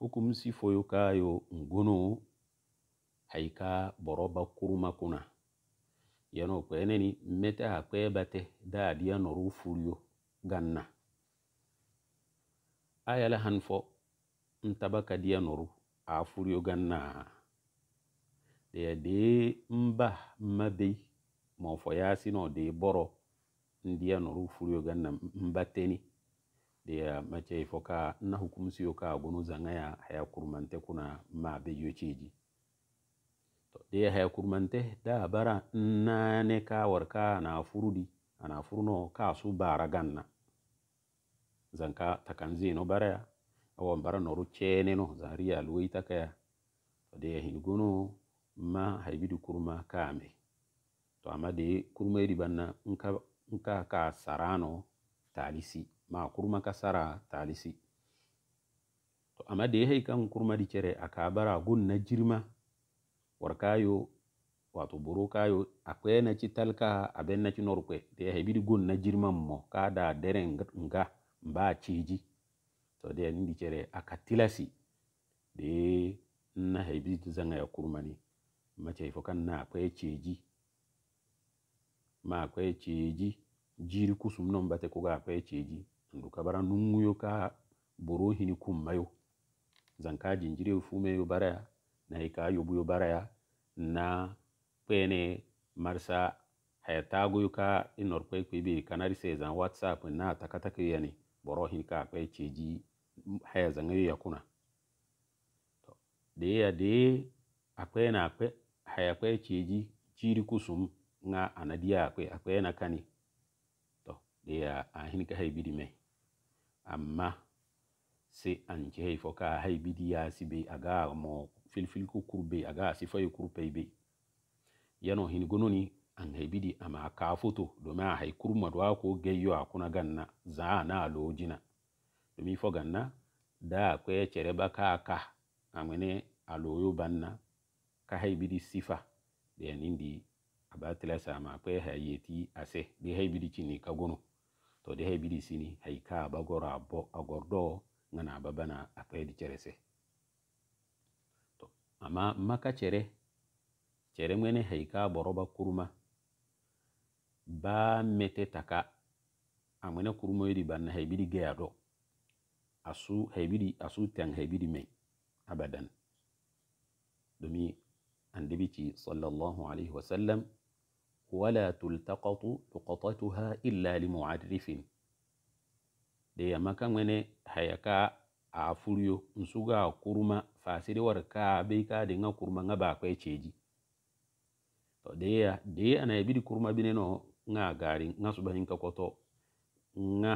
hukum sifoyo kayo ngono haika boroba kuruma kuna yano kweneni mete ha kwebate daadiya noru furiyo ganna ayala hanfo ntaba kadiya noru a ganna deya dee mba mabei mofo yasino de boro ndiya noru furiyo ganna mbateni dia mace foka na hukumsi yoka gunu zangaya haya kurmante kuna ma ce yoceji da ya haya kurmante da bara nane ka warka na furudi ana furno ka su bara ganna zanka takanzino baraya awon bara noru cene no zariya luwai takaya to dia hinguno ma da kurma me to amma de kurma iri na nka ka ka sarano talisi maa kurma ka sara taalisi to ama de hay kan kurmadi cere a ka bara gun na jirma war kayo wato boro kayo akwe na ci talka aben na ci norkwe de hay bidi gun na jirma mo ka da dere nga mba ciji to de ni cere aka tilasi de na hay bidi zanga ya kurmani ma cey fo kan na akwe ciji ma akwe ciji jiri kusum non bate ko ga akwe ciji ndu kabara nunguyo ka boro ni kummayo zanka jinjire ufume yo baraya na ika yobu yo baraya na pene marsa hayatago yo ka inor kwe kwe be kanari seza whatsapp na takataka yani boro hini ka kwe cheji haya zangayo yakuna de ya de akwe na akwe haya kwe cheji chiri kusum nga anadia akwe akwe na kani to de ya ahini ka haibidi mai amma se an jehey fo ka hay bidi yaasi bey a ga mo filfil kukur bey a ga a sifayi kur pey bey yano hin gononi an hay bidi ama kafoto domi a hay kur mado a ko geyyo a kuna ganna za a na a lojina domi fo ganna da a kwe cereba ka ka a ŋene a loyo banna ka hay bidi sifa deyanindi a ba tilasa ama kwe hay yeti a se di hay bidi cinni ka gono to de hebidi sini haika bagora bo agordo ngana babana akaydi cerese to ama maka chere cere ngene haika boroba kuruma, ba mete taka amene kurma yidi banna hebidi geyado asu hebidi asu tan hebidi me abadan domin andibiti sallallahu alaihi wasallam ولا تلتقط لقطتها إلا لمعرف da maka ngwene hayaka a furyo nsuga kurma fasiri warka bai ka da nga kurma nga ba kwai ceji to da ya da ya ana bidi kurma no nga gari nga suba hinka koto nga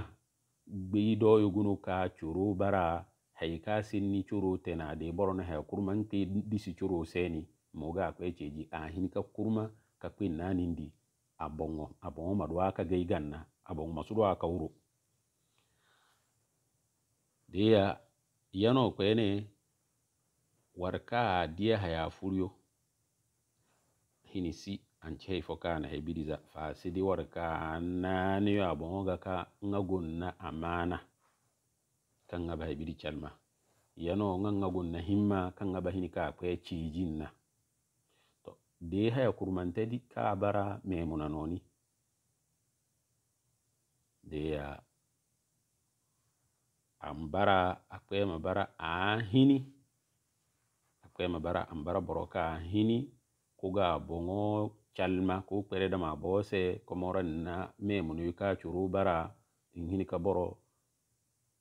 bi do yugunu ka churu bara hayka sinni churu tena de borona hay kurma nti disi churu seni moga kwai ceji a hinka kurma ka kpin nanindi a abong'o a boŋo maɗo a ka gei ganna a boŋo masuɗo a ka wuro deya yano kwene warka dia haya furyo hinisi anci hay fo kana hay biriza fa sidi warka ka a boŋo ga ka ŋa gonna amana kan ŋa ba chalma biri calma yano ŋa ŋa gonna himma kan ngaba ba hini ka kwe na. de haya kurmantadi ka bara memuna noni deya ambara akwe bara ahini akwe mabara ambara boroka ahini kuga bongo calma ku kpereda ma bose komora na memunu ka churu bara ingini ka boro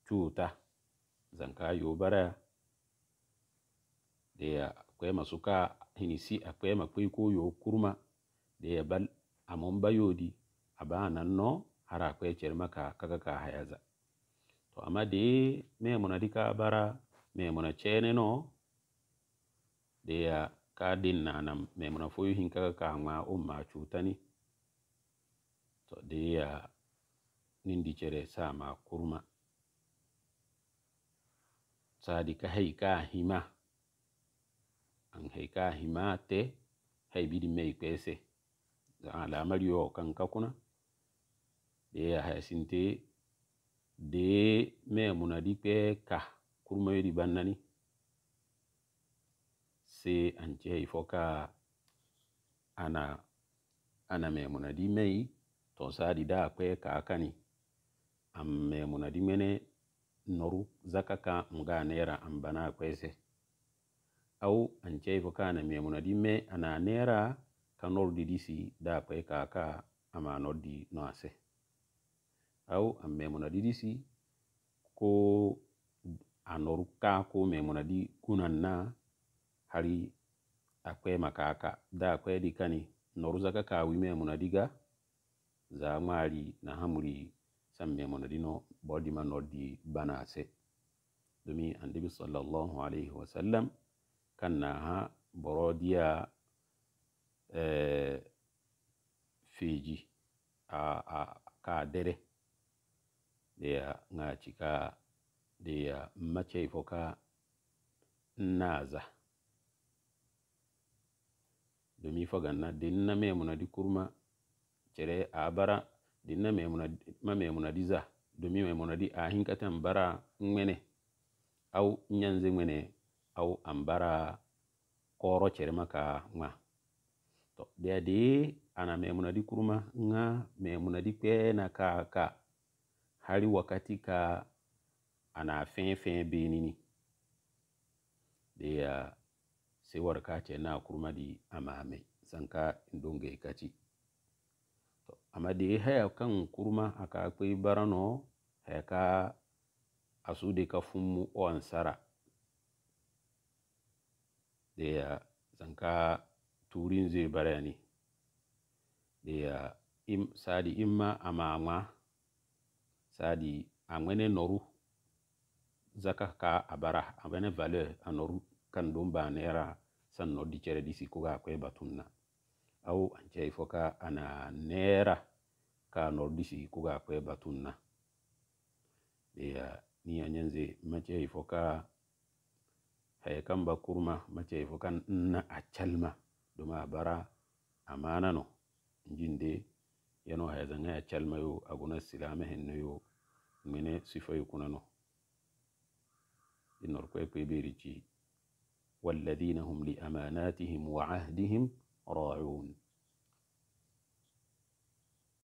cuta zanka yo bara deya akwema suka hinisi akwema kwei ko yo kurma de yabal amon bayodi aba nanno hara akwe cermaka kaga ka hayaza to amma de me mona dika bara me mona chene no de ya ka din nanam me mona foyu hin kaga ka ma umma chutani to de ya nindi chere sama kurma sadi ka hay ka hima an haika himate haibidi mai pese zan lamari yo kan kakuna de ya hasinte de me munadi pe ka kurma yidi bannani se anje ka ana ana me munadi mai to di da kwe ka akani am me di mene noru zakaka mga nera ambana kwese aw an ceyfo kana memuna di mai ana nera ka noldi disi da kwe kaka ama noddi no ase aw an memuna di disi ko anoru kako memuna di kunan na hari akwe makaka da kwe di kani noru zaka kawi memuna diga za mari na hamuri san memuna dino bodima noddi bana ase domi annabi sallallahu alaihi wasallam kannaha borodiya e, feji ka dere deya ngaci ka deya maceifo ka naza domi foganna dinna memunadi kurma cere abara dinna ma memunadi za domi memunadi ahinkatan bara ngmene au nyanze ngmene au an bara koro cerema ka ŋa to deyadi ana memunadi kuruma ŋa memunadi kpeena ka ka hari wakati ka ana fẽfẽ benini deya sewar ka ce na kuruma di amame sanka ndonge kati to ama de haya kan kuruma aka kwe barano haya ka asude ka fumu o ansara deya zanka turin zai barani deya im, sadi imma ama ama sadi angwene noru zaka ka abara angwene bale anoru kan don ba naira san no di cere disi ko ga akwai na au an ce foka ana naira ka nor disi ko ga akwai batunna ya ni anyanze mace foka kamba bakurma mace fukan a acalma duma bara amana no jin de yano ya calma yo guna silama henno yo mine kuna no inor kwe kwe hum li amanatihim wa ahdihim ra'un